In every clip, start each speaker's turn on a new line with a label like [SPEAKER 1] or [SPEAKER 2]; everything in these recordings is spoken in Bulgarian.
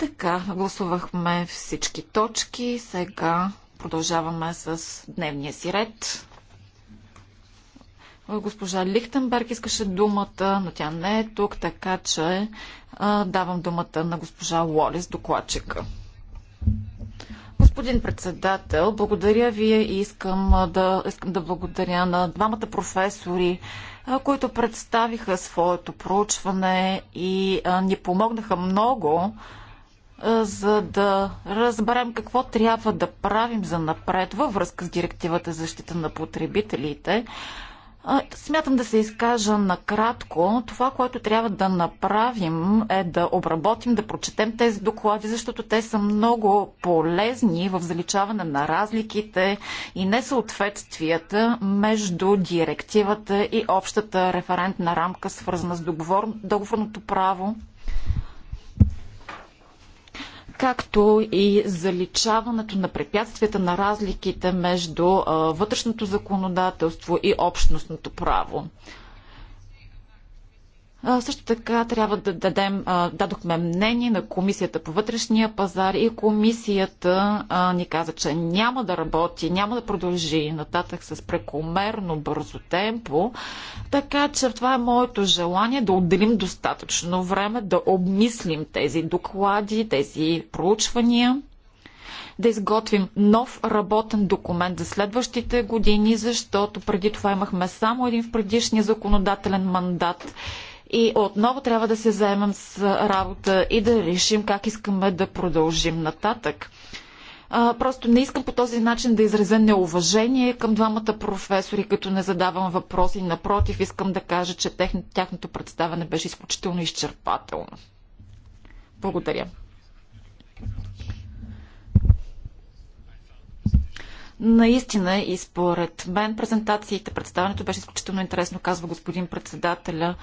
[SPEAKER 1] Така, гласувахме всички точки. Сега продължаваме с дневния си ред. Госпожа Лихтенберг искаше думата, но тя не е тук, така че а, давам думата на госпожа Лолис, докладчика. Господин председател, благодаря ви и искам да, искам да благодаря на двамата професори, които представиха своето проучване и ни помогнаха много за да разберем какво трябва да правим за напред във връзка с директивата за защита на потребителите. Смятам да се изкажа накратко. Това, което трябва да направим е да обработим, да прочетем тези доклади, защото те са много полезни в заличаване на разликите и несъответствията между директивата и общата референтна рамка, свързана с договорното право както и заличаването на препятствията на разликите между вътрешното законодателство и общностното право също така трябва да дадем, дадохме мнение на Комисията по вътрешния пазар и Комисията ни каза, че няма да работи, няма да продължи нататък с прекомерно бързо темпо. Така че това е моето желание да отделим достатъчно време да обмислим тези доклади, тези проучвания да изготвим нов работен документ за следващите години, защото преди това имахме само един в предишния законодателен мандат и отново трябва да се заемем с работа и да решим как искаме да продължим нататък. А, просто не искам по този начин да изразя неуважение към двамата професори, като не задавам въпроси. Напротив, искам да кажа, че техни, тяхното представяне беше изключително изчерпателно. Благодаря. Наистина и според мен презентациите, представянето беше изключително интересно, казва господин председателя.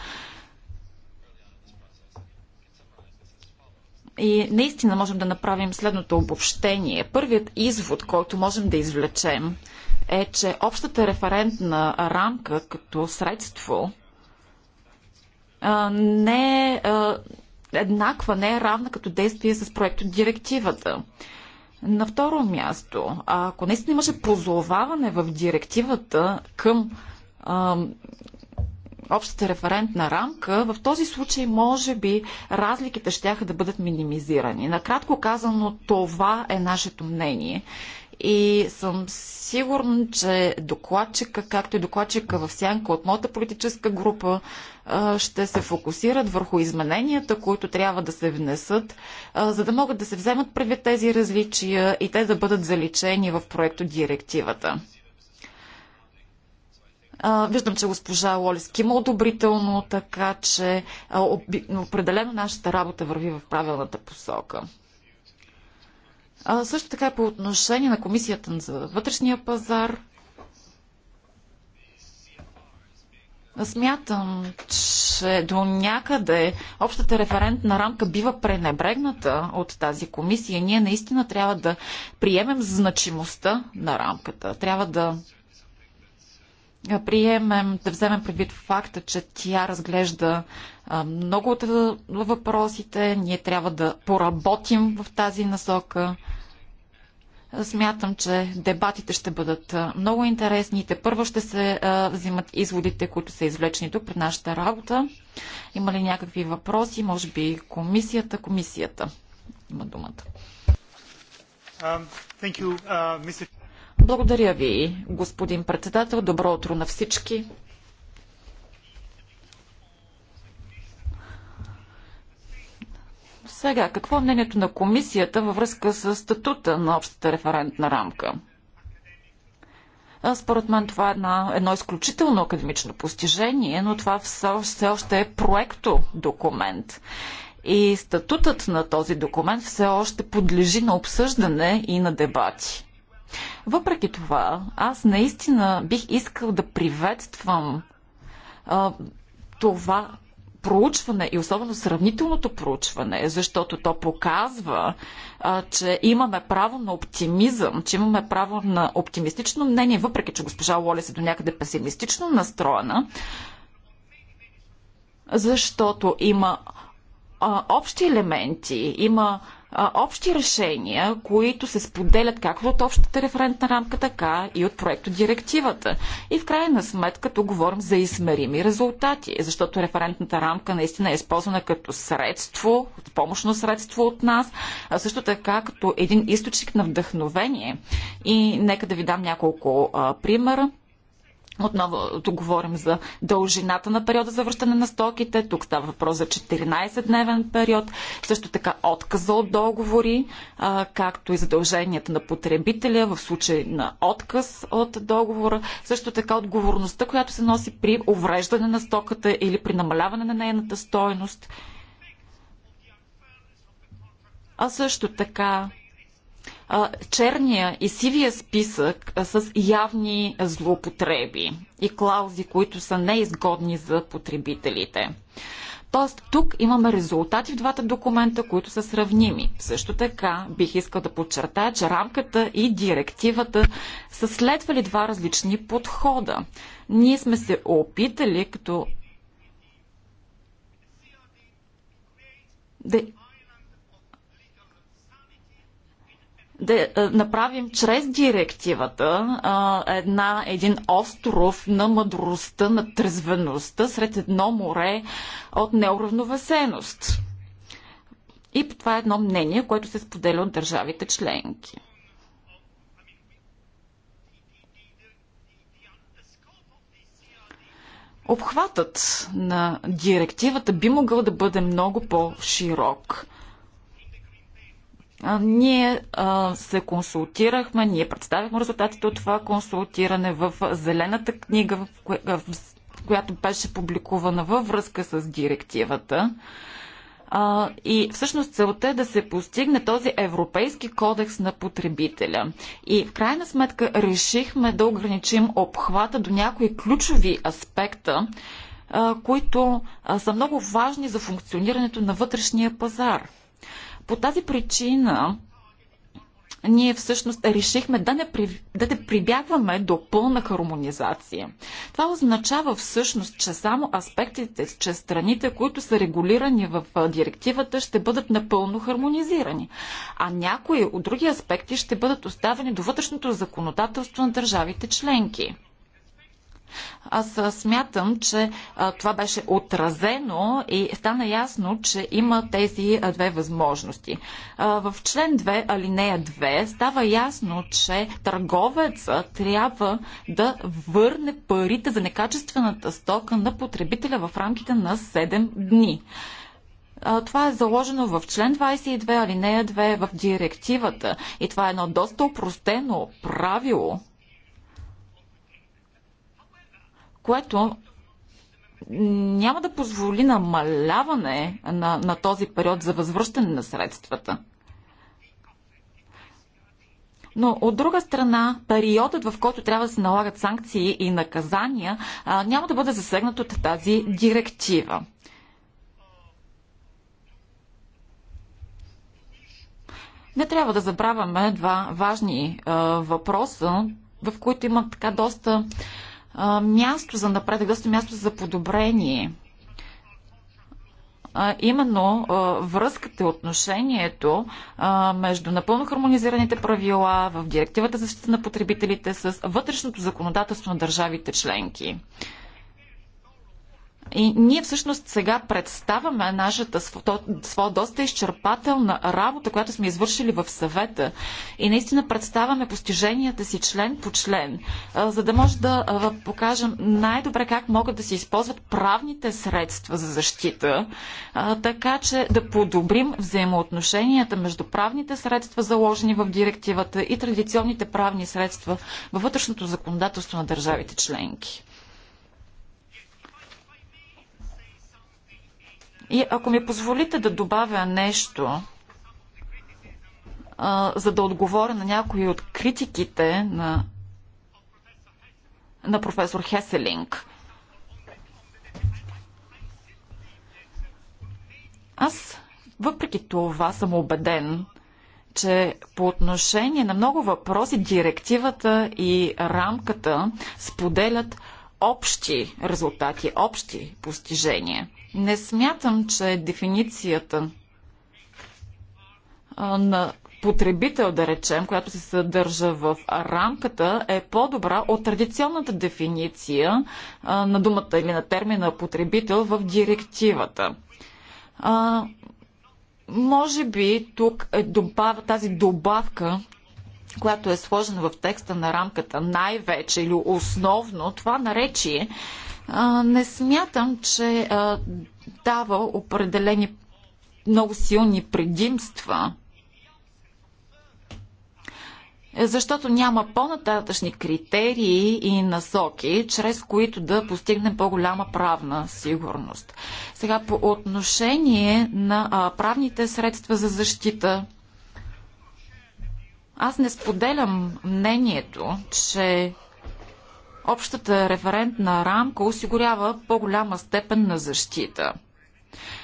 [SPEAKER 1] И наистина можем да направим следното обобщение. Първият извод, който можем да извлечем, е, че общата референтна рамка като средство не е еднаква, не е равна като действие с проекто директивата. На второ място, ако наистина имаше позоваване в директивата към общата референтна рамка, в този случай може би разликите ще да бъдат минимизирани. Накратко казано, това е нашето мнение. И съм сигурна, че докладчика, както и докладчика в сянка от моята политическа група, ще се фокусират върху измененията, които трябва да се внесат, за да могат да се вземат предвид тези различия и те да бъдат заличени в проекто директивата. А, виждам, че госпожа Лолис има е одобрително, така че а, определено нашата работа върви в правилната посока. А, също така и по отношение на Комисията за вътрешния пазар. Смятам, че до някъде общата референтна рамка бива пренебрегната от тази комисия. Ние наистина трябва да приемем значимостта на рамката. Трябва да приемем, да вземем предвид факта, че тя разглежда много от въпросите. Ние трябва да поработим в тази насока. Смятам, че дебатите ще бъдат много интересни. Те първо ще се взимат изводите, които са извлечени тук при нашата работа. Има ли някакви въпроси? Може би комисията? Комисията има думата.
[SPEAKER 2] Um, you, uh,
[SPEAKER 1] благодаря ви, господин председател. Добро утро на всички. Сега, какво е мнението на комисията във връзка с статута на общата референтна рамка? Според мен това е една, едно изключително академично постижение, но това все още е проекто документ. И статутът на този документ все още подлежи на обсъждане и на дебати. Въпреки това, аз наистина бих искал да приветствам а, това проучване и особено сравнителното проучване, защото то показва, а, че имаме право на оптимизъм, че имаме право на оптимистично мнение, въпреки че госпожа Лолес е до някъде песимистично настроена, защото има а, общи елементи, има а, общи решения, които се споделят както от общата референтна рамка, така и от проекто директивата. И в крайна сметка тук говорим за измерими резултати, защото референтната рамка наистина е използвана като средство, помощно средство от нас, а също така като един източник на вдъхновение. И нека да ви дам няколко а, примера. Отново тук говорим за дължината на периода за връщане на стоките. Тук става въпрос за 14-дневен период. Също така отказа от договори, както и задълженията на потребителя в случай на отказ от договора. Също така отговорността, която се носи при увреждане на стоката или при намаляване на нейната стойност. А също така черния и сивия списък с явни злоупотреби и клаузи, които са неизгодни за потребителите. Тоест, тук имаме резултати в двата документа, които са сравними. Също така, бих искал да подчертая, че рамката и директивата са следвали два различни подхода. Ние сме се опитали като да да е, направим чрез директивата една, един остров на мъдростта, на трезвеността сред едно море от неуравновесеност. И това е едно мнение, което се споделя от държавите членки. Обхватът на директивата би могъл да бъде много по-широк ние а, се консултирахме, ние представихме резултатите от това консултиране в Зелената книга, в, коя, в която беше публикувана във връзка с директивата. А, и всъщност целта е да се постигне този европейски кодекс на потребителя. И в крайна сметка решихме да ограничим обхвата до някои ключови аспекта, а, които а, са много важни за функционирането на вътрешния пазар. По тази причина ние всъщност решихме да не, при, да не прибягваме до пълна хармонизация. Това означава всъщност, че само аспектите, че страните, които са регулирани в директивата, ще бъдат напълно хармонизирани, а някои от други аспекти ще бъдат оставени до вътрешното законодателство на държавите членки. Аз смятам, че това беше отразено и стана ясно, че има тези две възможности. в член 2, алинея 2, става ясно, че търговеца трябва да върне парите за некачествената стока на потребителя в рамките на 7 дни. Това е заложено в член 22, алинея 2 в директивата и това е едно доста упростено правило, което няма да позволи намаляване на, на този период за възвръщане на средствата. Но от друга страна, периодът, в който трябва да се налагат санкции и наказания, няма да бъде засегнат от тази директива. Не трябва да забравяме два важни а, въпроса, в които има така доста място за напредък, доста място за подобрение. А, именно а, връзката, отношението а, между напълно хармонизираните правила в директивата за защита на потребителите с вътрешното законодателство на държавите членки. И ние всъщност сега представяме нашата своя доста изчерпателна работа, която сме извършили в съвета. И наистина представяме постиженията си член по член, за да може да покажем най-добре как могат да се използват правните средства за защита, така че да подобрим взаимоотношенията между правните средства, заложени в директивата и традиционните правни средства във вътрешното законодателство на държавите членки. И ако ми позволите да добавя нещо, а, за да отговоря на някои от критиките на, на професор Хеселинг. Аз въпреки това съм убеден, че по отношение на много въпроси директивата и рамката споделят общи резултати, общи постижения. Не смятам, че дефиницията на потребител, да речем, която се съдържа в рамката, е по-добра от традиционната дефиниция на думата или на термина потребител в директивата. А, може би тук е добав, тази добавка, която е сложена в текста на рамката най-вече или основно това наречие, не смятам, че дава определени много силни предимства защото няма по-нататъчни критерии и насоки, чрез които да постигнем по-голяма правна сигурност. Сега по отношение на а, правните средства за защита. Аз не споделям мнението, че Общата референтна рамка осигурява по-голяма степен на защита.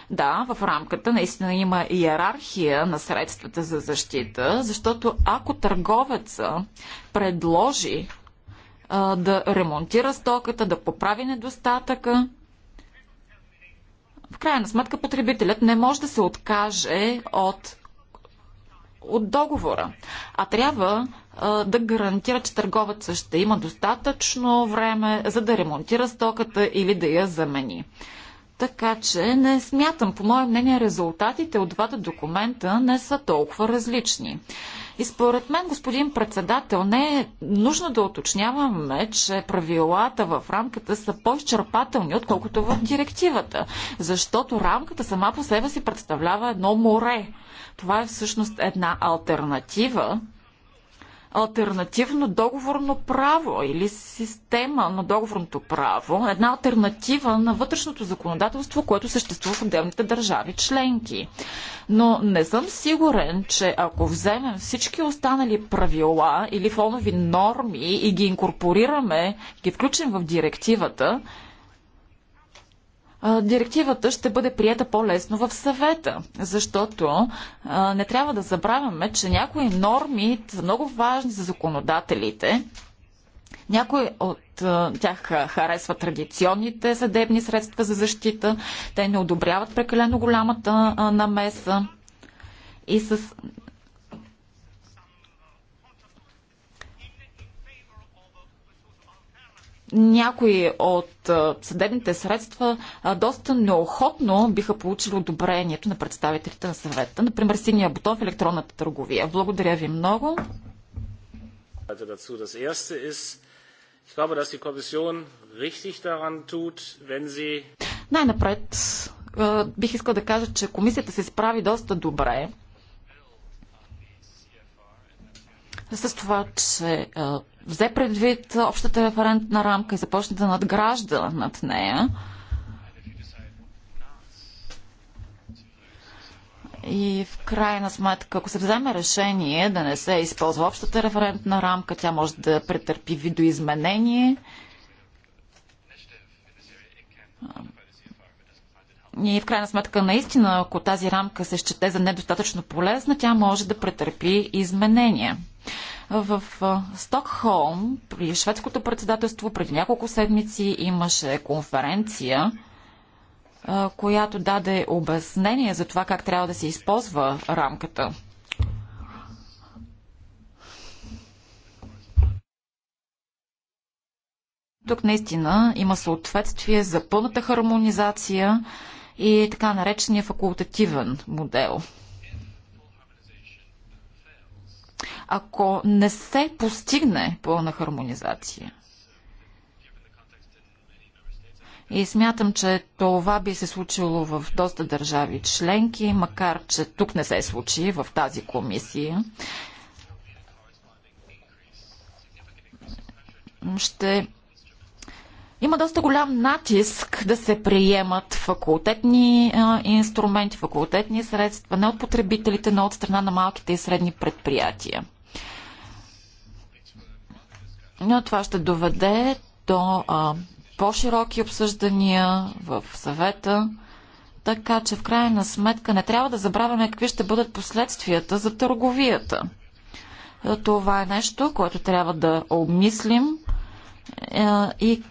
[SPEAKER 1] Да, в рамката наистина има иерархия на средствата за защита, защото ако търговеца предложи а, да ремонтира стоката, да поправи недостатъка, в крайна сметка потребителят не може да се откаже от, от договора, а трябва да гарантира, че търговецът ще има достатъчно време, за да ремонтира стоката или да я замени. Така че не смятам, по мое мнение, резултатите от двата документа не са толкова различни. И според мен, господин председател, не е нужно да уточняваме, че правилата в рамката са по-изчерпателни, отколкото в директивата, защото рамката сама по себе си представлява едно море. Това е всъщност една альтернатива, альтернативно договорно право или система на договорното право, една альтернатива на вътрешното законодателство, което съществува в отделните държави членки. Но не съм сигурен, че ако вземем всички останали правила или фонови норми и ги инкорпорираме, ги включим в директивата, директивата ще бъде прията по-лесно в съвета, защото не трябва да забравяме, че някои норми са много важни за законодателите. Някои от тях харесват традиционните съдебни средства за защита, те не одобряват прекалено голямата намеса. И с някои от съдебните средства доста неохотно биха получили одобрението на представителите на съвета. Например, синия бутон в електронната търговия. Благодаря ви много. Най-напред бих искал да кажа, че комисията се справи доста добре с това, че а, взе предвид общата референтна рамка и започне да надгражда над нея. И в крайна сметка, ако се вземе решение да не се използва общата референтна рамка, тя може да претърпи видоизменение. И в крайна сметка, наистина, ако тази рамка се счете за недостатъчно полезна, тя може да претърпи изменения. В Стокхолм при шведското председателство преди няколко седмици имаше конференция, която даде обяснение за това как трябва да се използва рамката. Тук наистина има съответствие за пълната хармонизация и така наречения факултативен модел – ако не се постигне пълна хармонизация. И смятам, че това би се случило в доста държави членки, макар че тук не се случи в тази комисия. Ще има доста голям натиск да се приемат факултетни а, инструменти, факултетни средства, не от потребителите, но от страна на малките и средни предприятия. Но това ще доведе до по-широки обсъждания в съвета, така че в крайна сметка не трябва да забравяме какви ще бъдат последствията за търговията. Това е нещо, което трябва да обмислим и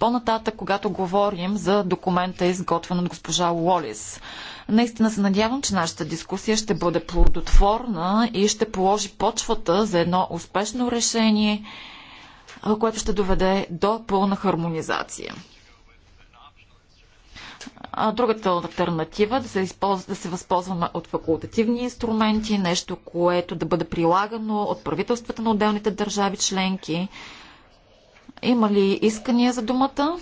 [SPEAKER 1] по-нататък, когато говорим за документа, изготвен от госпожа Лолис, наистина се надявам, че нашата дискусия ще бъде плодотворна и ще положи почвата за едно успешно решение, което ще доведе до пълна хармонизация. А другата альтернатива да се, използва, да се възползваме от факултативни инструменти, нещо, което да бъде прилагано от правителствата на отделните държави членки, има ли искания за думата?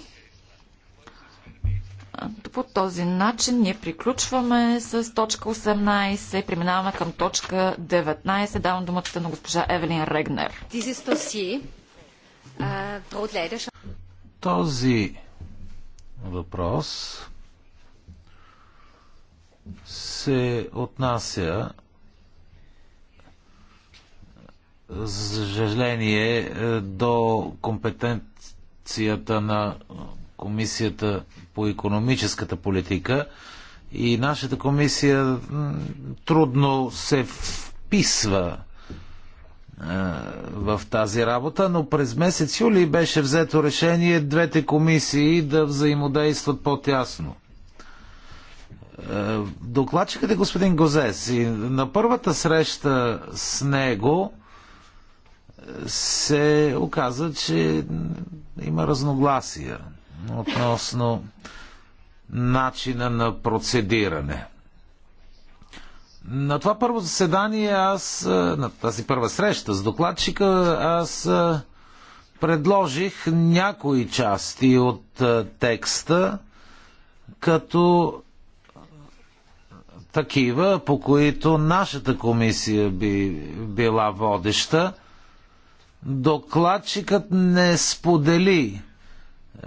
[SPEAKER 1] По този начин ние приключваме с точка 18, преминаваме към точка 19. Давам думата на госпожа Евелин Регнер.
[SPEAKER 3] Този въпрос се отнася за съжаление, е, до компетенцията на Комисията по економическата политика и нашата комисия трудно се вписва е, в тази работа, но през месец юли беше взето решение двете комисии да взаимодействат по-тясно. Е, докладчикът е господин Гозес и на първата среща с него се оказа, че има разногласия относно начина на процедиране. На това първо заседание аз, на тази първа среща с докладчика, аз предложих някои части от текста като такива, по които нашата комисия би била водеща – Докладчикът не сподели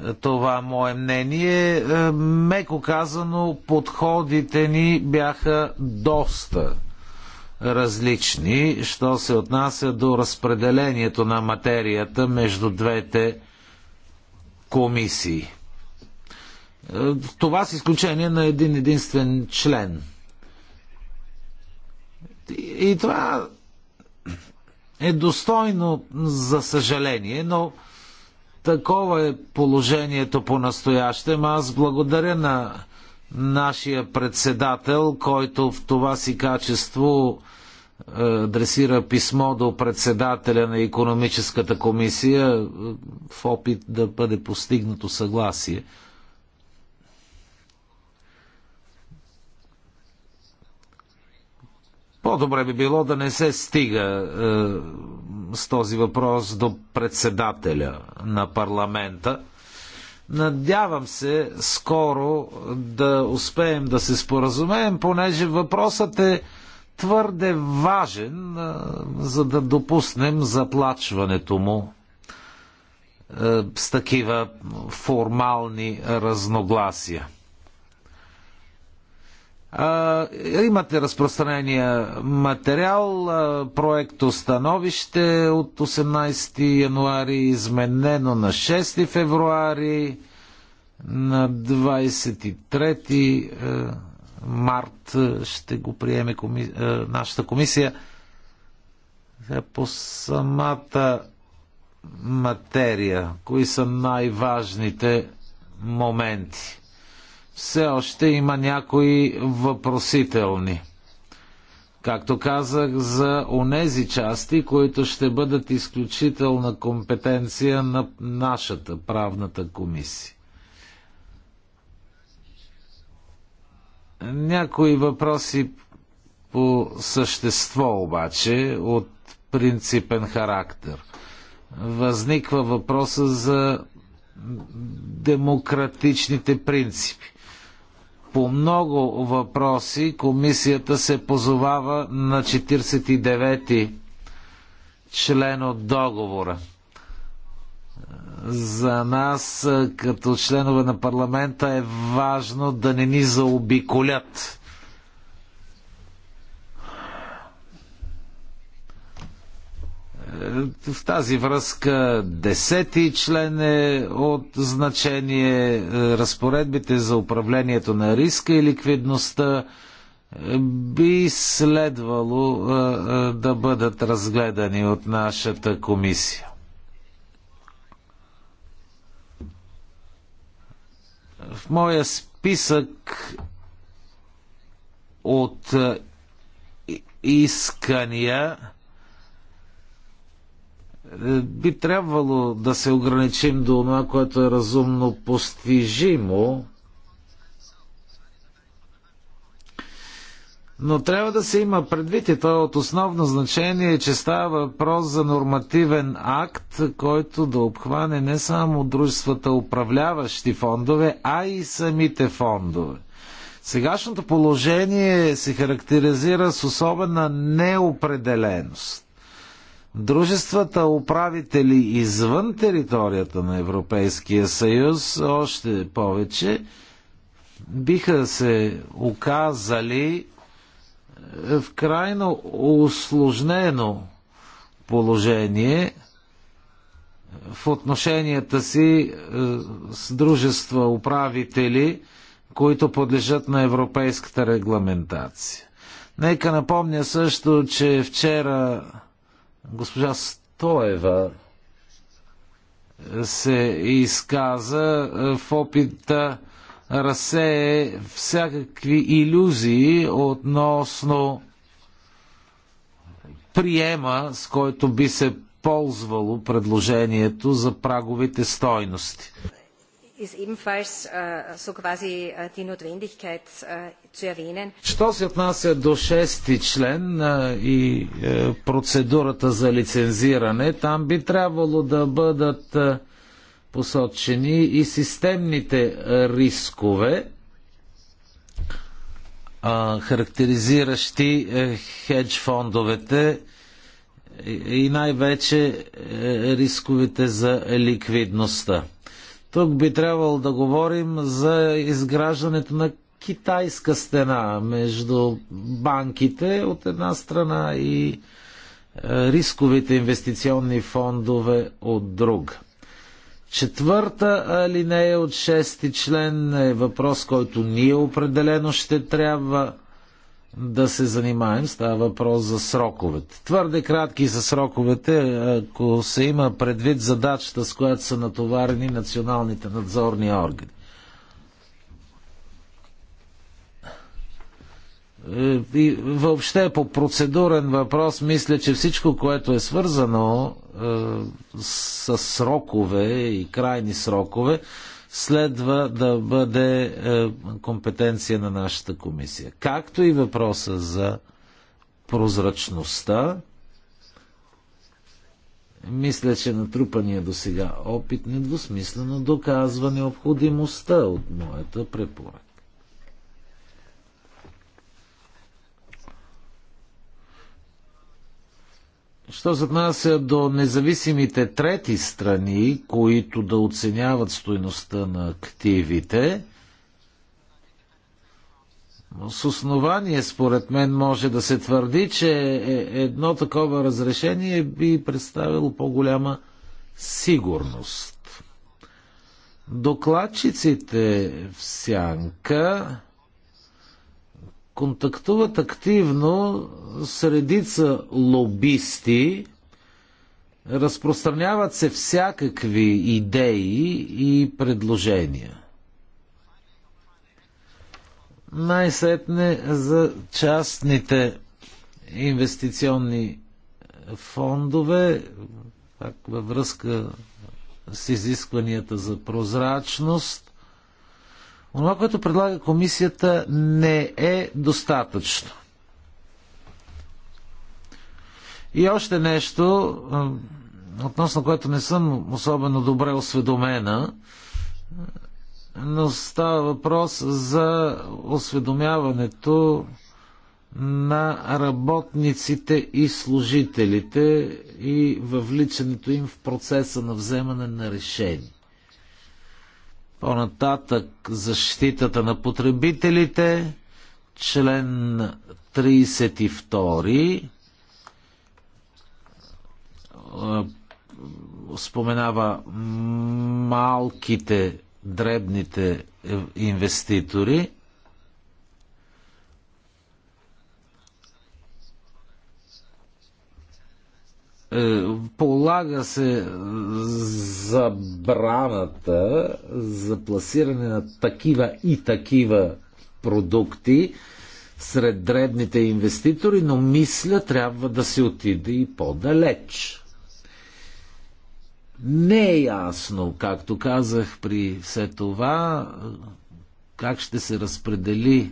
[SPEAKER 3] е, това мое мнение. Е, меко казано, подходите ни бяха доста различни, що се отнася до разпределението на материята между двете комисии. Е, това с изключение на един единствен член. И това е достойно за съжаление, но такова е положението по настоящем. Аз благодаря на нашия председател, който в това си качество е, адресира писмо до председателя на економическата комисия е, в опит да бъде постигнато съгласие По-добре би било да не се стига е, с този въпрос до председателя на парламента. Надявам се скоро да успеем да се споразумеем, понеже въпросът е твърде важен, е, за да допуснем заплачването му е, с такива формални разногласия. Имате разпространения материал, проекто становище от 18 януари, изменено на 6 февруари, на 23 е, март е, ще го приеме коми... Е, нашата комисия. По самата материя, кои са най-важните моменти? все още има някои въпросителни. Както казах, за онези части, които ще бъдат изключителна компетенция на нашата правната комисия. Някои въпроси по същество обаче от принципен характер. Възниква въпроса за демократичните принципи. По много въпроси комисията се позовава на 49-ти член от договора. За нас, е, като членове на парламента, е важно да не ни заобиколят В тази връзка десети член е от значение разпоредбите за управлението на риска и ликвидността е, би следвало е, е, да бъдат разгледани от нашата комисия. В моя списък от искания е, би трябвало да се ограничим до това, което е разумно постижимо, Но трябва да се има предвид и това е от основно значение, че става въпрос за нормативен акт, който да обхване не само дружествата управляващи фондове, а и самите фондове. Сегашното положение се характеризира с особена неопределеност. Дружествата управители извън територията на Европейския съюз още повече биха се оказали е, в крайно усложнено положение в отношенията си е, с дружества управители, които подлежат на европейската регламентация. Нека напомня също, че вчера Госпожа Стоева се изказа е, в опит да разсее всякакви иллюзии относно приема, с който би се ползвало предложението за праговите стойности
[SPEAKER 2] ist ebenfalls äh, so quasi äh, die Notwendigkeit äh, zu erwähnen.
[SPEAKER 3] Що се отнася до шести член и е, процедурата за лицензиране, там би трябвало да бъдат е, посочени и системните е, рискове, характеризиращи хедж фондовете и най-вече рисковете за ликвидността. Тук би трябвало да говорим за изграждането на китайска стена между банките от една страна и е, рисковите инвестиционни фондове от друга. Четвърта линия от шести член е въпрос, който ние определено ще трябва да се занимаем. Става въпрос за сроковете. Твърде кратки са сроковете, ако се има предвид задачата, с която са натоварени националните надзорни органи. Е, и въобще по процедурен въпрос, мисля, че всичко, което е свързано е, с срокове и крайни срокове, следва да бъде е, компетенция на нашата комисия. Както и въпроса за прозрачността, мисля, че натрупания до сега опит недвусмислено доказва необходимостта от моята препоръка. Що се отнася до независимите трети страни, които да оценяват стоеността на активите, с основание, според мен, може да се твърди, че е едно такова разрешение би представило по-голяма сигурност. Докладчиците в сянка контактуват активно с редица лобисти, разпространяват се всякакви идеи и предложения. Най-сетне за частните инвестиционни фондове, пак във връзка с изискванията за прозрачност, Онова, което предлага комисията, не е достатъчно. И още нещо, относно което не съм особено добре осведомена, но става въпрос за осведомяването на работниците и служителите и въвличането им в процеса на вземане на решение. По-нататък защитата на потребителите, член 32 споменава малките, дребните инвеститори. Е, полага се забраната за пласиране на такива и такива продукти сред дребните инвеститори, но мисля трябва да се отиде и по-далеч. Не е ясно, както казах при все това, как ще се разпредели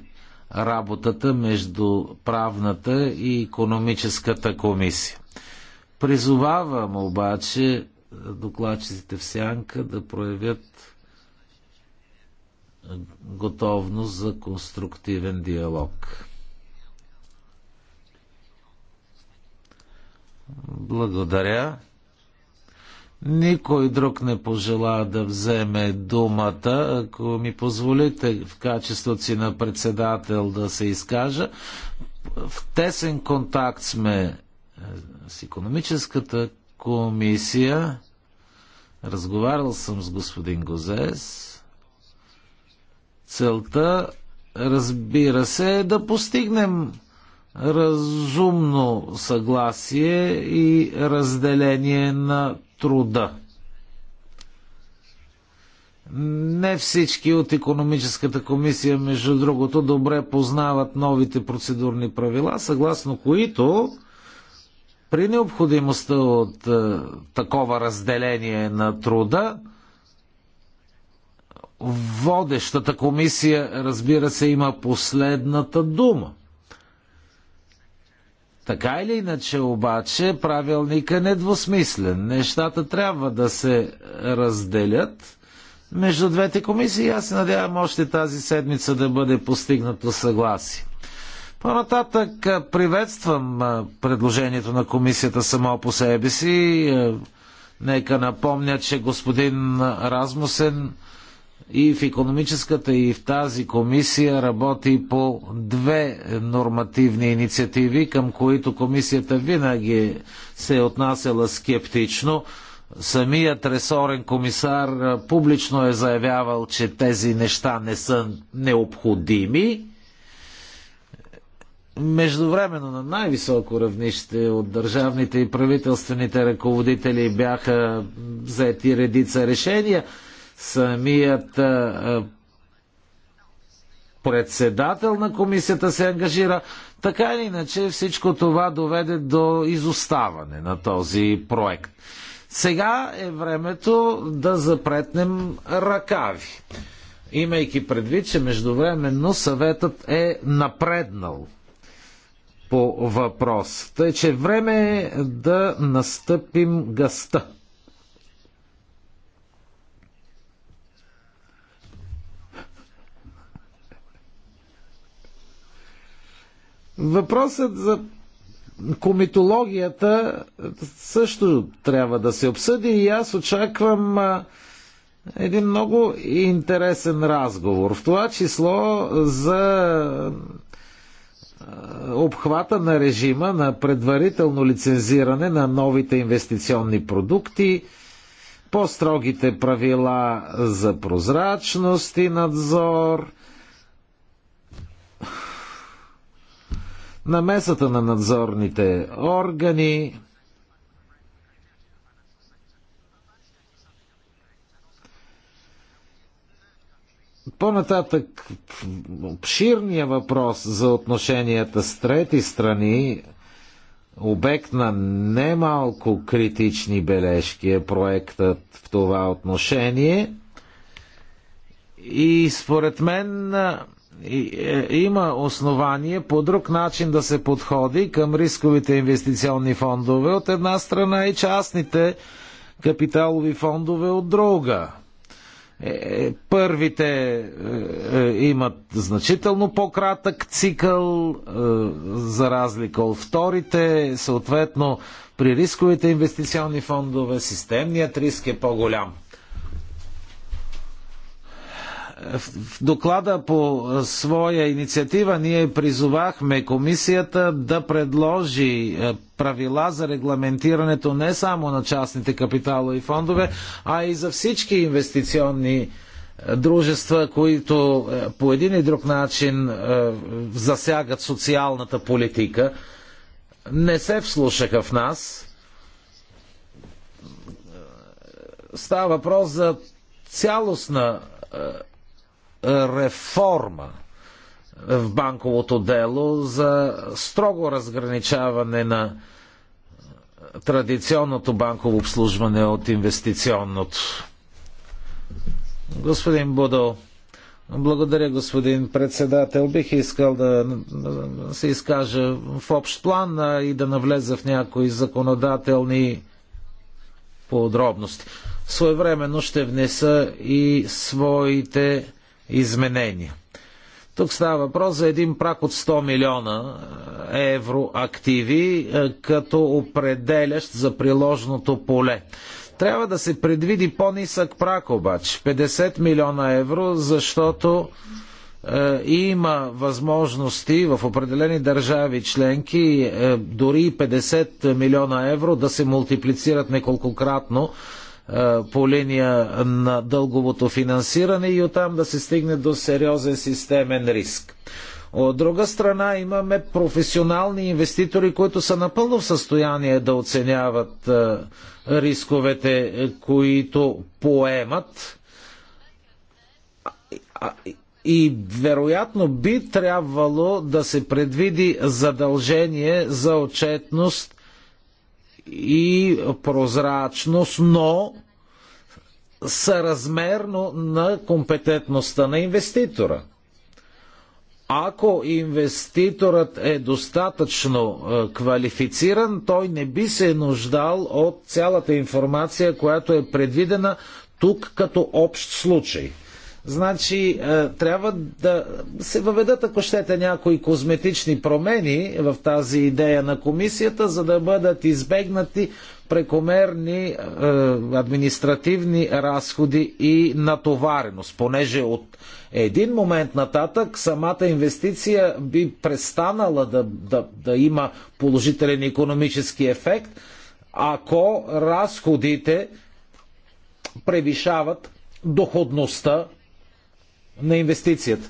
[SPEAKER 3] работата между правната и економическата комисия. Призовавам обаче е, докладчиците в сянка да проявят е, готовност за конструктивен диалог. Благодаря. Никой друг не пожела да вземе думата. Ако ми позволите в качеството си на председател да се изкажа, в тесен контакт сме е, с економическата комисия. Разговарял съм с господин Гозес. Целта, разбира се, е да постигнем разумно съгласие и разделение на труда. Не всички от економическата комисия, между другото, добре познават новите процедурни правила, съгласно които при необходимостта от е, такова разделение на труда, водещата комисия, разбира се, има последната дума. Така или иначе обаче правилника е недвусмислен. Нещата трябва да се разделят между двете комисии. Аз се надявам още тази седмица да бъде постигнато съгласие. По-нататък приветствам предложението на комисията само по себе си. Нека напомня, че господин Размусен и в економическата, и в тази комисия работи по две нормативни инициативи, към които комисията винаги се е отнасяла скептично. Самият ресорен комисар публично е заявявал, че тези неща не са необходими Междувременно на най-високо равнище от държавните и правителствените ръководители бяха взети редица решения. Самият председател на комисията се ангажира. Така или иначе всичко това доведе до изоставане на този проект. Сега е времето да запретнем ръкави. Имайки предвид, че междувременно съветът е напреднал по въпрос. Тъй, че време е да настъпим гъста. Въпросът за комитологията също трябва да се обсъди и аз очаквам един много интересен разговор. В това число за е, обхвата на режима на предварително лицензиране на новите инвестиционни продукти, по-строгите правила за прозрачност и надзор, намесата на надзорните органи, По-нататък обширния въпрос за отношенията с трети страни, обект на немалко критични бележки е проектът в това отношение. И според мен е, има основание по друг начин да се подходи към рисковите инвестиционни фондове от една страна и частните капиталови фондове от друга. Е, първите е, е, имат значително по-кратък цикъл, за разлика от вторите. Съответно, при рисковите инвестиционни фондове системният риск е по-голям. В доклада по своя инициатива ние призовахме комисията да предложи правила за регламентирането не само на частните капиталови фондове, а и за всички инвестиционни дружества, които по един и друг начин засягат социалната политика. Не се вслушаха в нас. Става въпрос за цялостна реформа в банковото дело за строго разграничаване на традиционното банково обслужване от инвестиционното. Господин Будо, благодаря, господин председател. Бих искал да се изкажа в общ план и да навлеза в някои законодателни подробности. Своевременно ще внеса и своите изменения. Тук става въпрос за един прак от 100 милиона е, евро активи, е, като определящ за приложното поле. Трябва да се предвиди по-нисък прак обаче, 50 милиона евро, защото е, има възможности в определени държави членки е, дори 50 милиона евро да се мултиплицират неколкократно е, по линия на дълговото финансиране и оттам да се стигне до сериозен системен риск. От друга страна имаме професионални инвеститори, които са напълно в състояние да оценяват е, рисковете, които поемат и вероятно би трябвало да се предвиди задължение за отчетност и прозрачност, но съразмерно на компетентността на инвеститора. Ако инвеститорът е достатъчно е, квалифициран, той не би се нуждал от цялата информация, която е предвидена тук като общ случай – Значи, е, трябва да се въведат, ако щете, някои козметични промени в тази идея на комисията, за да бъдат избегнати прекомерни е, административни разходи и натовареност, понеже от един момент нататък самата инвестиция би престанала да, да, да има положителен економически ефект, ако разходите превишават доходността на инвестицията.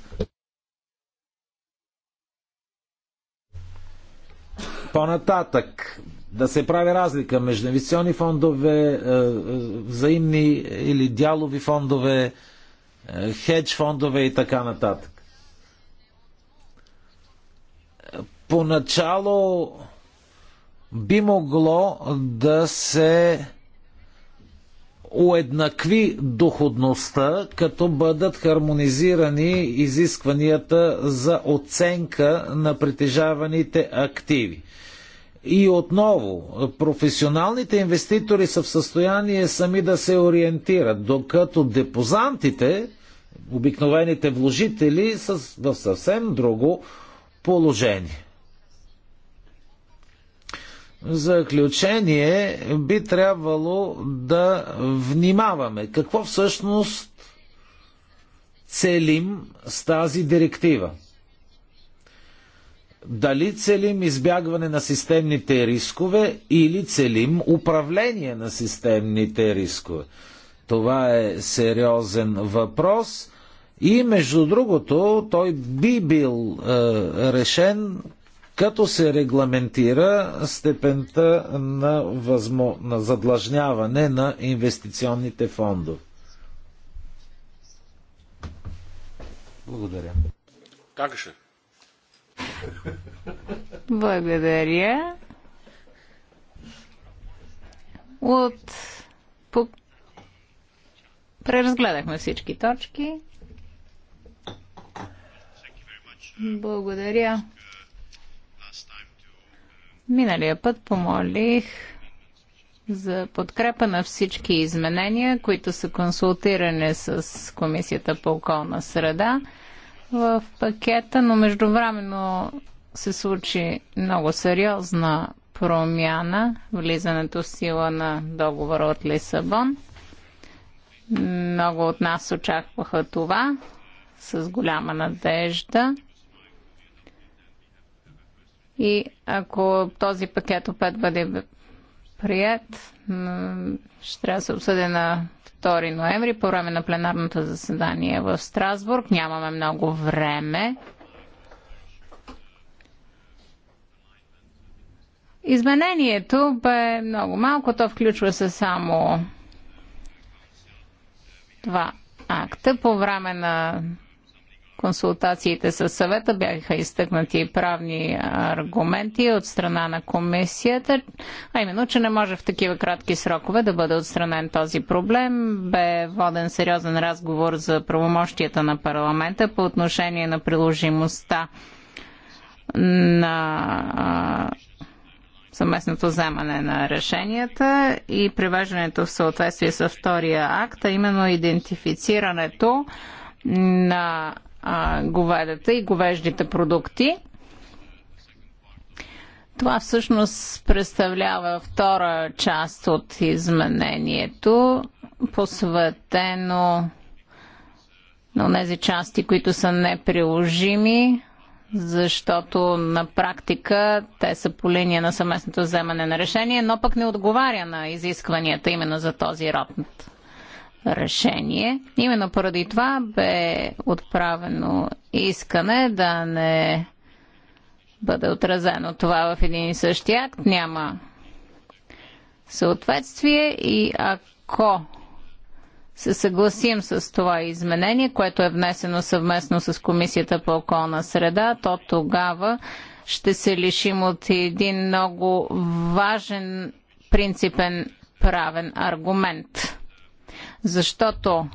[SPEAKER 3] По-нататък да се прави разлика между инвестиционни фондове, е, е, взаимни или дялови фондове, е, хедж фондове и така нататък. Поначало би могло да се уеднакви доходността, като бъдат хармонизирани изискванията за оценка на притежаваните активи. И отново, професионалните инвеститори са в състояние сами да се ориентират, докато депозантите, обикновените вложители, са в съвсем друго положение заключение би трябвало да внимаваме какво всъщност целим с тази директива. Дали целим избягване на системните рискове или целим управление на системните рискове? Това е сериозен въпрос и между другото той би бил е, решен като се регламентира степента на, възмо... на задлъжняване на инвестиционните фондове. Благодаря. Как ще? Благодаря.
[SPEAKER 2] От... По... Преразгледахме всички точки. Благодаря Миналия път помолих за подкрепа на всички изменения, които са консултирани с Комисията по околна среда в пакета, но междувременно се случи много сериозна промяна, влизането в сила на договора от Лисабон. Много от нас очакваха това с голяма надежда. И ако този пакет опет бъде прият, ще трябва да се обсъди на 2 ноември по време на пленарното заседание в Страсбург. Нямаме много време. Изменението бе много малко, то включва се само два акта по време на консултациите с съвета бяха изтъкнати правни аргументи от страна на комисията, а именно, че не може в такива кратки срокове да бъде отстранен този проблем. Бе воден сериозен разговор за правомощията на парламента по отношение на приложимостта на съместното вземане на решенията и привеждането в съответствие с втория акт, а именно идентифицирането на а, говедата и говеждите продукти. Това всъщност представлява втора част от изменението, посветено на тези части, които са неприложими, защото на практика те са по линия на съместното вземане на решение, но пък не отговаря на изискванията именно за този род решение. Именно поради това бе отправено искане да не бъде отразено това в един и същи акт. Няма съответствие и ако се съгласим с това изменение, което е внесено съвместно с Комисията по околна среда, то тогава ще се лишим от един много важен принципен правен аргумент защото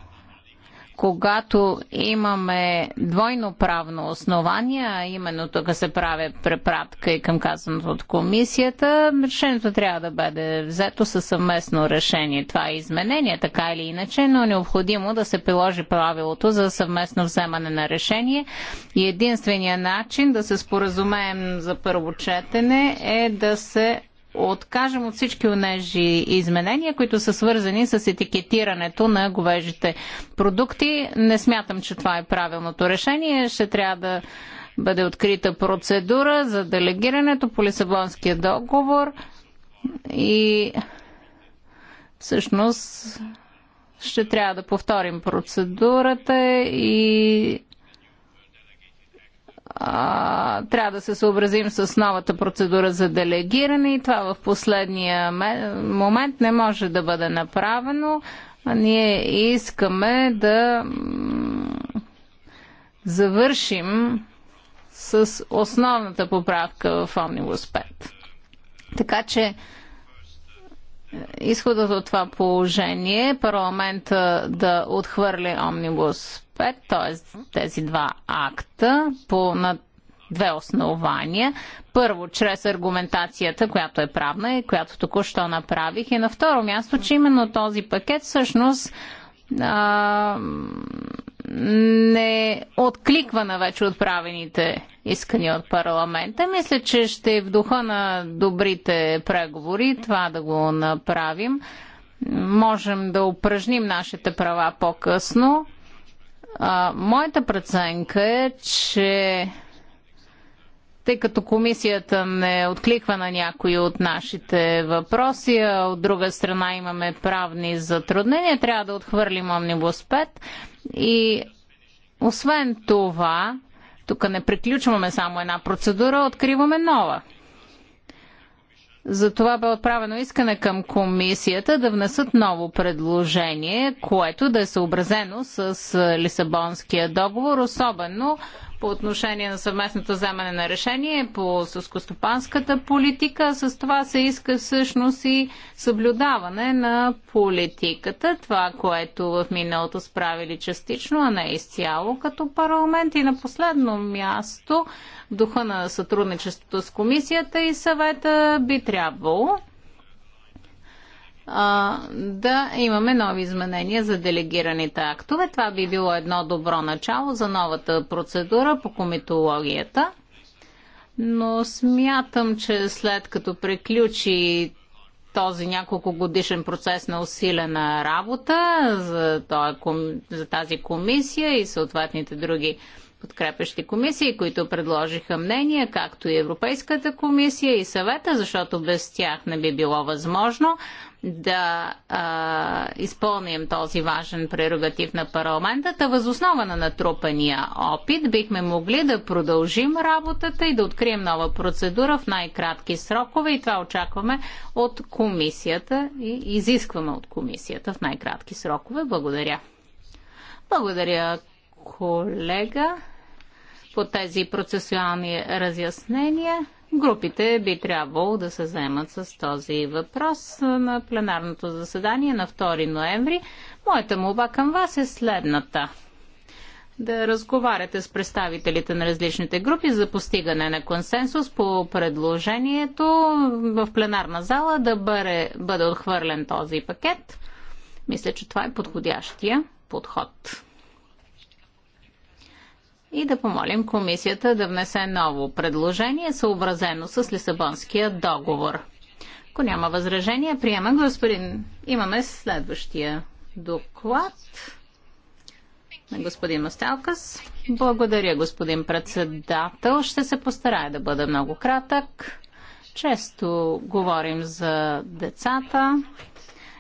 [SPEAKER 2] когато имаме двойно правно основание, а именно тук се прави препратка и към казаното от комисията, решението трябва да бъде взето със съвместно решение. Това е изменение, така или иначе, но е необходимо да се приложи правилото за съвместно вземане на решение. И единствения начин да се споразумеем за първо четене е да се откажем от всички онежи изменения, които са свързани с етикетирането на говежите продукти. Не смятам, че това е правилното решение. Ще трябва да бъде открита процедура за делегирането по Лисабонския договор и всъщност ще трябва да повторим процедурата и трябва да се съобразим с новата процедура за делегиране и това в последния момент не може да бъде направено. А ние искаме да завършим с основната поправка в Omnibus 5. Така че изходът от това положение е парламента да отхвърли Омнибус 5, т.е. тези два акта по на две основания. Първо, чрез аргументацията, която е правна и която току-що направих. И на второ място, че именно този пакет всъщност а, не откликва на вече отправените искания от парламента. Мисля, че ще е в духа на добрите преговори това да го направим. Можем да упражним нашите права по-късно. моята преценка е, че тъй като комисията не откликва на някои от нашите въпроси, а от друга страна имаме правни затруднения, трябва да отхвърлим Омнибус 5 и освен това, тук не приключваме само една процедура, откриваме нова. За това бе отправено искане към комисията да внесат ново предложение, което да е съобразено с Лисабонския договор, особено по отношение на съвместното вземане на решение по сълскостопанската политика. С това се иска всъщност и съблюдаване на политиката, това, което в миналото справили частично, а не изцяло като парламент. И на последно място, духа на сътрудничеството с комисията и съвета би трябвало а, да имаме нови изменения за делегираните актове. Това би било едно добро начало за новата процедура по комитологията. Но смятам, че след като приключи този няколко годишен процес на усилена работа за, е за тази комисия и съответните други подкрепящи комисии, които предложиха мнения, както и Европейската комисия и съвета, защото без тях не би било възможно да а, изпълним този важен прерогатив на парламента. Та възоснова на натрупания опит бихме могли да продължим работата и да открием нова процедура в най-кратки срокове и това очакваме от комисията и изискваме от комисията в най-кратки срокове. Благодаря. Благодаря, колега по тези процесуални разяснения. Групите би трябвало да се заемат с този въпрос на пленарното заседание на 2 ноември. Моята молба към вас е следната. Да разговаряте с представителите на различните групи за постигане на консенсус по предложението в пленарна зала да бъде, бъде отхвърлен този пакет. Мисля, че това е подходящия подход и да помолим комисията да внесе ново предложение, съобразено с Лисабонския договор. Ако няма възражение, приема господин. Имаме следващия доклад на господин Мастелкас. Благодаря, господин председател. Ще се постарая да бъда много кратък. Често говорим за децата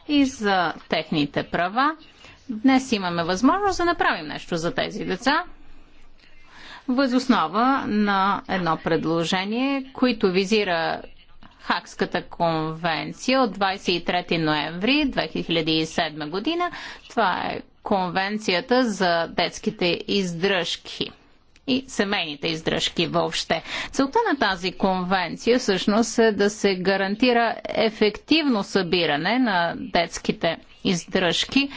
[SPEAKER 2] и за техните права. Днес имаме възможност да направим нещо за тези деца възоснова на едно предложение, които визира Хакската конвенция от 23 ноември 2007 година. Това е конвенцията за детските издръжки и семейните издръжки въобще. Целта на тази конвенция всъщност е да се гарантира ефективно събиране на детските издръжки,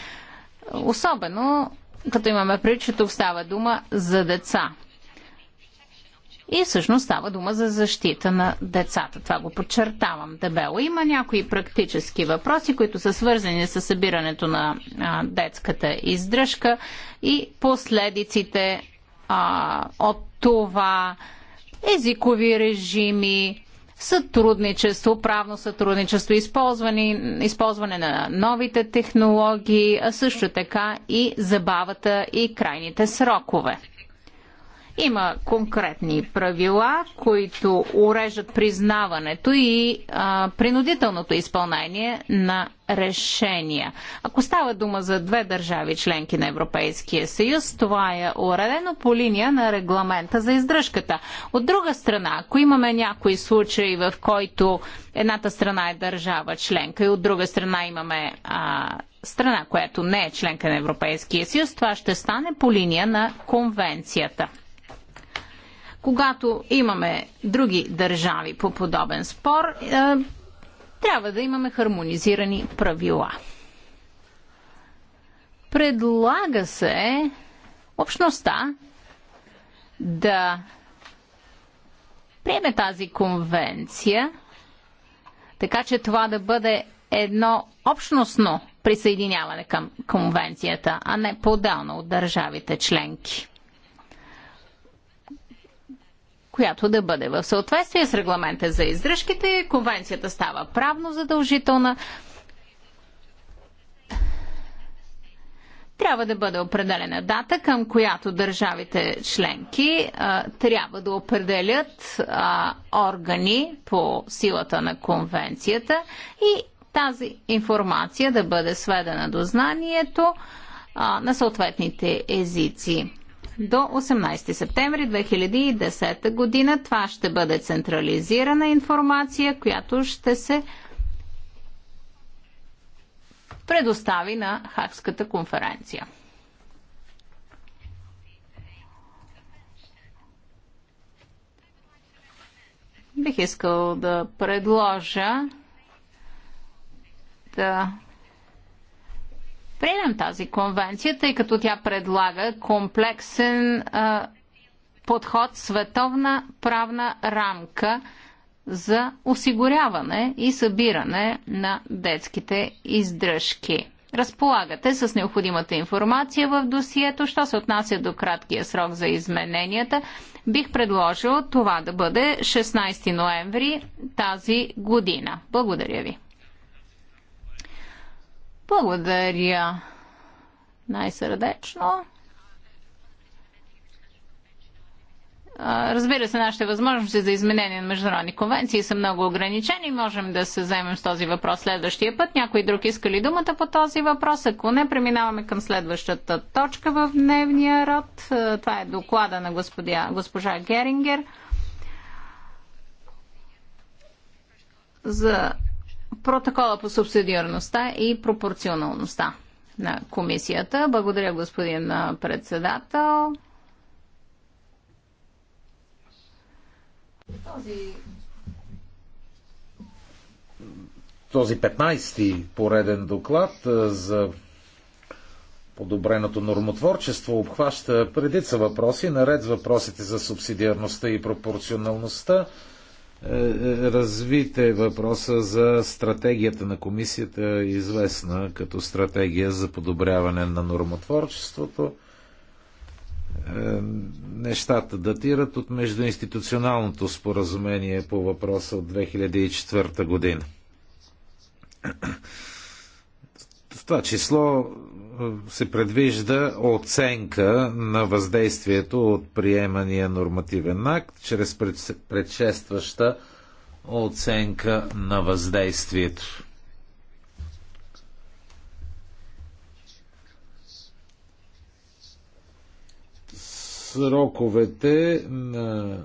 [SPEAKER 2] особено като имаме предвид, че тук става дума за деца. И всъщност става дума за защита на децата. Това го подчертавам дебело. Има някои практически въпроси, които са свързани с събирането на а, детската издръжка и последиците а, от това езикови режими, сътрудничество, правно сътрудничество, използване, използване на новите технологии, а също така и забавата и крайните срокове. Има конкретни правила, които уреждат признаването и а, принудителното изпълнение на решения. Ако става дума за две държави членки на Европейския съюз, това е уредено по линия на регламента за издръжката. От друга страна, ако имаме някои случаи, в който едната страна е държава членка и от друга страна имаме а, страна, която не е членка на Европейския съюз, това ще стане по линия на конвенцията когато имаме други държави по подобен спор, е, трябва да имаме хармонизирани правила. Предлага се общността да приеме тази конвенция, така че това да бъде едно общностно присъединяване към конвенцията, а не по-отделно от държавите членки която да бъде в съответствие с регламента за издръжките. Конвенцията става правно задължителна. трябва да бъде определена дата, към която държавите членки а, трябва да определят а, органи по силата на конвенцията и тази информация да бъде сведена до знанието а, на съответните езици до 18 септември 2010 година. Това ще бъде централизирана информация, която ще се предостави на Хакската конференция. Бих искал да предложа да приемем тази конвенция, тъй като тя предлага комплексен а, подход, световна правна рамка за осигуряване и събиране на детските издръжки. Разполагате с необходимата информация в досието. Що се отнася до краткия срок за измененията, бих предложил това да бъде 16 ноември тази година. Благодаря ви. Благодаря най-сърдечно. Разбира се, нашите възможности за изменение на международни конвенции са много ограничени. Можем да се вземем с този въпрос следващия път. Някой друг иска ли думата по този въпрос? Ако не, преминаваме към следващата точка в дневния род. Това е доклада на господия, госпожа Герингер за протокола по субсидиарността и пропорционалността на комисията. Благодаря, господин председател.
[SPEAKER 3] Този 15-ти пореден доклад за подобреното нормотворчество обхваща предица въпроси, наред с въпросите за субсидиарността и пропорционалността. Е, е, развите въпроса за стратегията на комисията, известна като стратегия за подобряване на нормотворчеството. Е, нещата датират от междуинституционалното споразумение по въпроса от 2004 година. В това число се предвижда оценка на въздействието от приемания нормативен акт чрез предшестваща оценка на въздействието. Сроковете на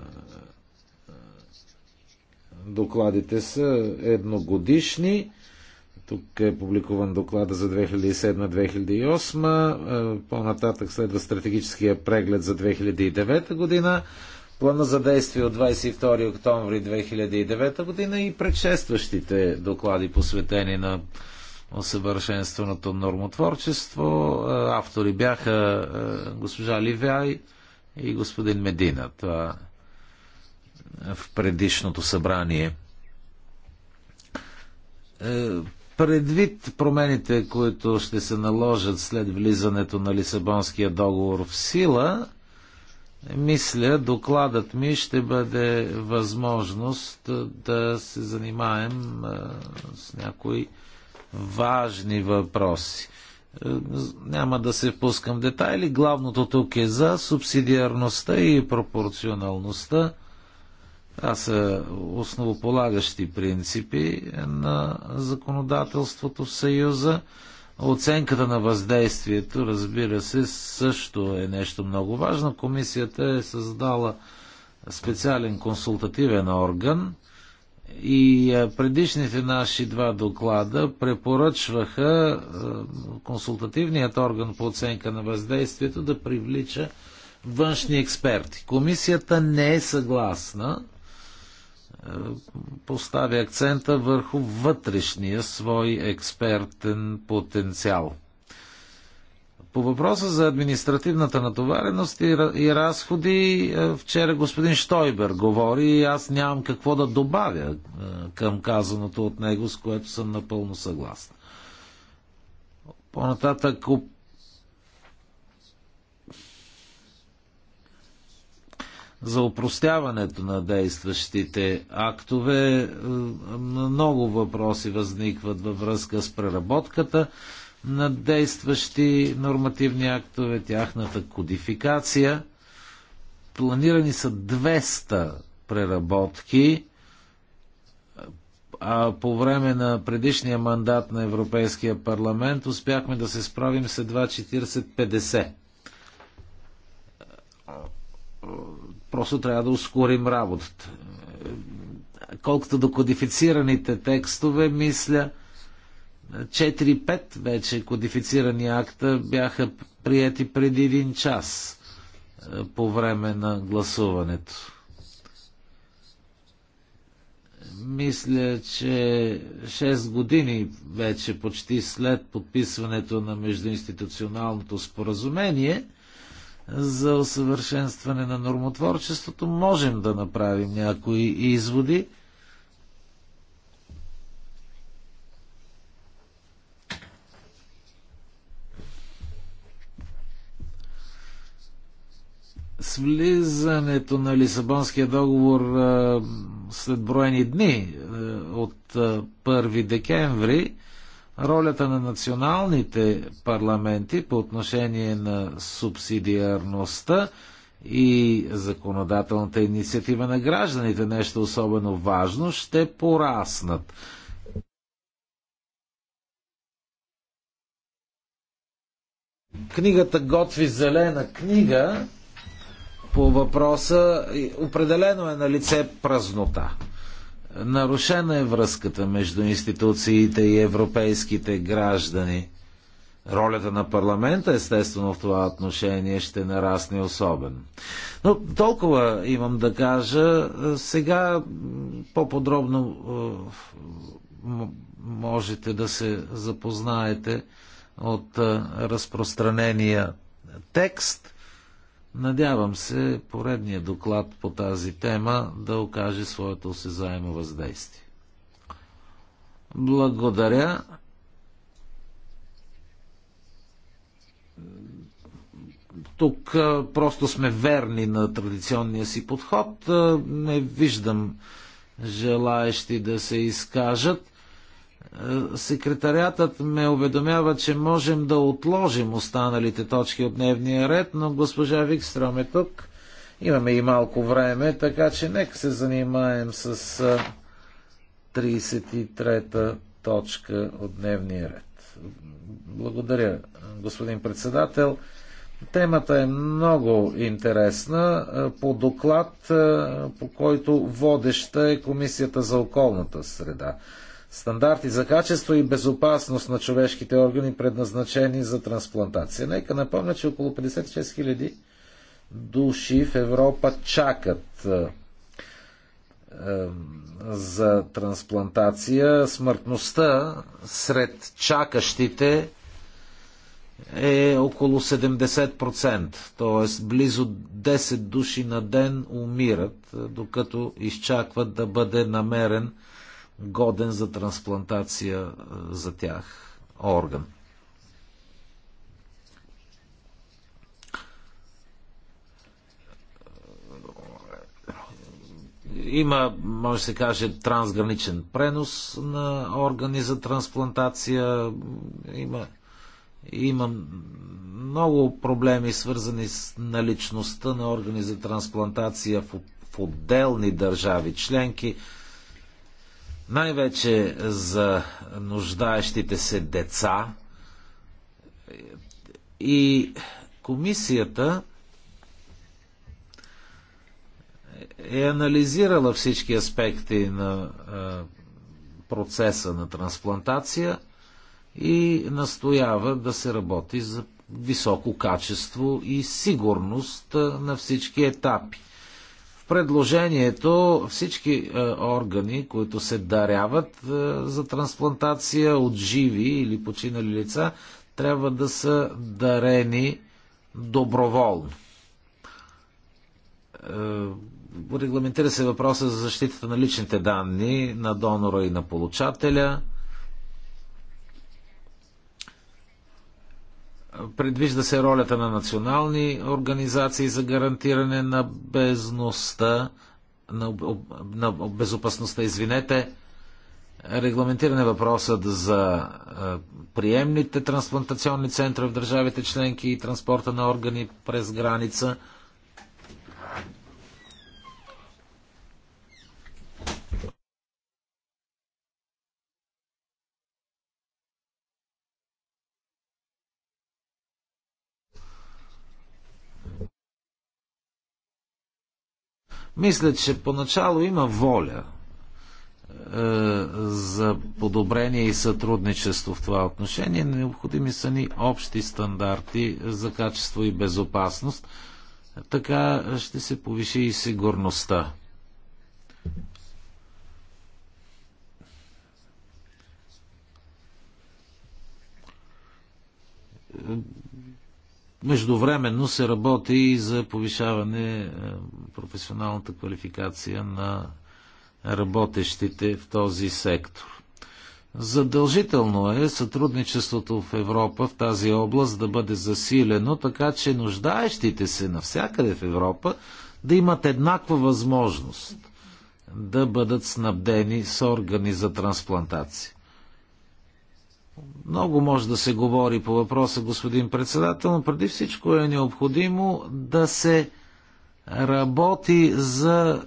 [SPEAKER 3] докладите са едногодишни тук е публикуван доклада за 2007-2008. Е, по-нататък следва стратегическия преглед за 2009 година, плана за действие от 22 октомври 2009 година и предшестващите доклади, посветени на усъвършенственото нормотворчество. Е, автори бяха е, госпожа Ливяй и господин Медина. Това в предишното събрание Предвид промените, които ще се наложат след влизането на Лисабонския договор в сила, мисля, докладът ми ще бъде възможност да се занимаем с някои важни въпроси. Няма да се впускам в детайли. Главното тук е за субсидиарността и пропорционалността това са основополагащи принципи на законодателството в Съюза. Оценката на въздействието, разбира се, също е нещо много важно. Комисията е създала специален консултативен орган и е, предишните наши два доклада препоръчваха е, консултативният орган по оценка на въздействието да привлича външни експерти. Комисията не е съгласна поставя акцента върху вътрешния свой експертен потенциал. По въпроса за административната натовареност и разходи, е, вчера господин Штойбер говори и аз нямам какво да добавя е, към казаното от него, с което съм напълно съгласен. По-нататък за опростяването на действащите актове. Е, много въпроси възникват във връзка с преработката на действащи нормативни актове, тяхната кодификация. Планирани са 200 преработки е, а по време на предишния мандат на Европейския парламент успяхме да се справим с едва 50 Просто трябва да ускорим работата. Колкото до кодифицираните текстове, мисля, 4-5 вече кодифицирани акта бяха прияти преди един час е, по време на гласуването. Мисля, че 6 години вече почти след подписването на междуинституционалното споразумение – за усъвършенстване на нормотворчеството, можем да направим някои изводи. с влизането на Лисабонския договор след броени дни от 1 декември ролята на националните парламенти по отношение на субсидиарността и законодателната инициатива на гражданите, нещо особено важно, ще пораснат. Книгата Готви зелена книга по въпроса определено е на лице празнота. Нарушена е връзката между институциите и европейските граждани. Ролята на парламента, естествено, в това отношение ще нарасне особено. Но толкова имам да кажа. Сега по-подробно можете да се запознаете от разпространения текст – Надявам се поредния доклад по тази тема да окаже своето осезаемо въздействие. Благодаря. Тук просто сме верни на традиционния си подход. Не виждам желаещи да се изкажат. Секретариатът ме уведомява, че можем да отложим останалите точки от дневния ред, но госпожа Викстром е тук. Имаме и малко време, така че нека се занимаем с 33-та точка от дневния ред. Благодаря, господин председател. Темата е много интересна по доклад, по който водеща е Комисията за околната среда стандарти за качество и безопасност на човешките органи, предназначени за трансплантация. Нека напомня, че около 56 000 души в Европа чакат е, е, за трансплантация. Смъртността сред чакащите е около 70%, т.е. близо 10 души на ден умират, е, докато изчакват да бъде намерен годен за трансплантация за тях орган. Има, може да се каже, трансграничен пренос на органи за трансплантация. Има, има много проблеми, свързани с наличността на органи за трансплантация в, в отделни държави членки най-вече за нуждаещите се деца. И комисията е анализирала всички аспекти на процеса на трансплантация и настоява да се работи за високо качество и сигурност на всички етапи. В предложението всички е, органи, които се даряват е, за трансплантация от живи или починали лица, трябва да са дарени доброволно. Е, регламентира се въпроса за защитата на личните данни на донора и на получателя – Предвижда се ролята на национални организации за гарантиране на безността, на, на безопасността, извинете, регламентиране въпросът за е, приемните трансплантационни центра в държавите членки и транспорта на органи през граница – Мисля, че поначало има воля е, за подобрение и сътрудничество в това отношение. Необходими са ни общи стандарти за качество и безопасност. Така ще се повиши и сигурността. Междувременно се работи и за повишаване е, професионалната квалификация на работещите в този сектор. Задължително е сътрудничеството в Европа в тази област да бъде засилено, така че нуждаещите се навсякъде в Европа да имат еднаква възможност да бъдат снабдени с органи за трансплантация. Много може да се говори по въпроса, господин председател, но преди всичко е необходимо да се работи за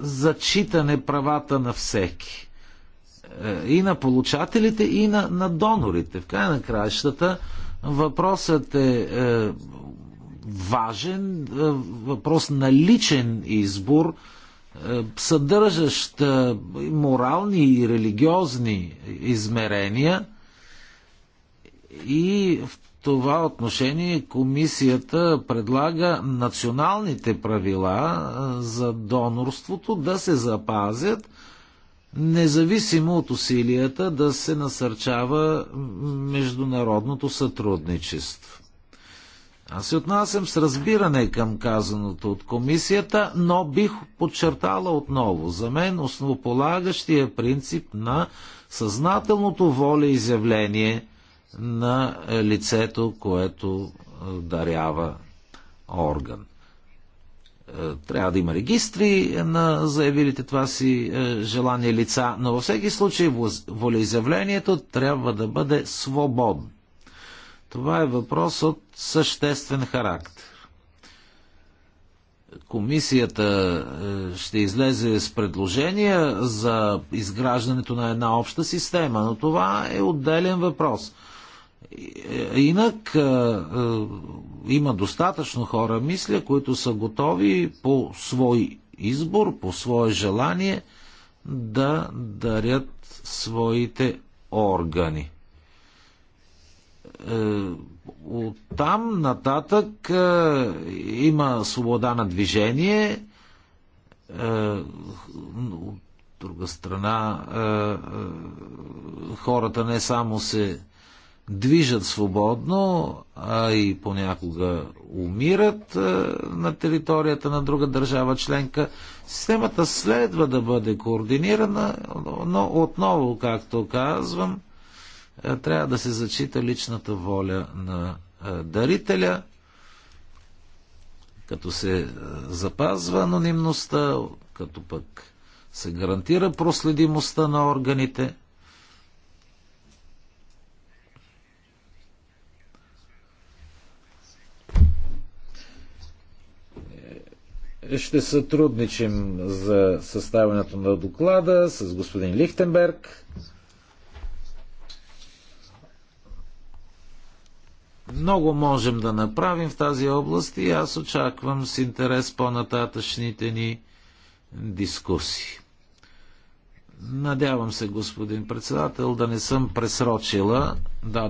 [SPEAKER 3] зачитане правата на всеки. Е, и на получателите, и на, на донорите. В край на краищата въпросът е, е важен, е, въпрос на личен избор – е, съдържащ е, морални и религиозни измерения и в това отношение комисията предлага националните правила е, за донорството да се запазят, независимо от усилията да се насърчава международното сътрудничество. Аз се отнасям с разбиране към казаното от комисията, но бих подчертала отново. За мен основополагащия принцип на съзнателното воля изявление на лицето, което е, дарява орган. Е, трябва да има регистри на заявилите това си е, желание лица, но във всеки случай волеизявлението трябва да бъде свободно. Това е въпрос от съществен характер. Комисията е, ще излезе с предложения за изграждането на една обща система, но това е отделен въпрос. Е, инак е, има достатъчно хора, мисля, които са готови по свой избор, по свое желание да дарят своите органи. Е, от там нататък е, има свобода на движение. Е, от друга страна, е, е хората не само се движат свободно, а и понякога умират е, на територията на друга държава членка. Системата следва да бъде координирана, но отново, както казвам, е, трябва да се зачита личната воля на е, дарителя, като се е, запазва анонимността, като пък се гарантира проследимостта на органите. Ще сътрудничим за съставянето на доклада с господин Лихтенберг. Много можем да направим в тази област и аз очаквам с интерес по-нататъчните ни дискусии. Надявам се, господин председател, да не съм пресрочила. Да.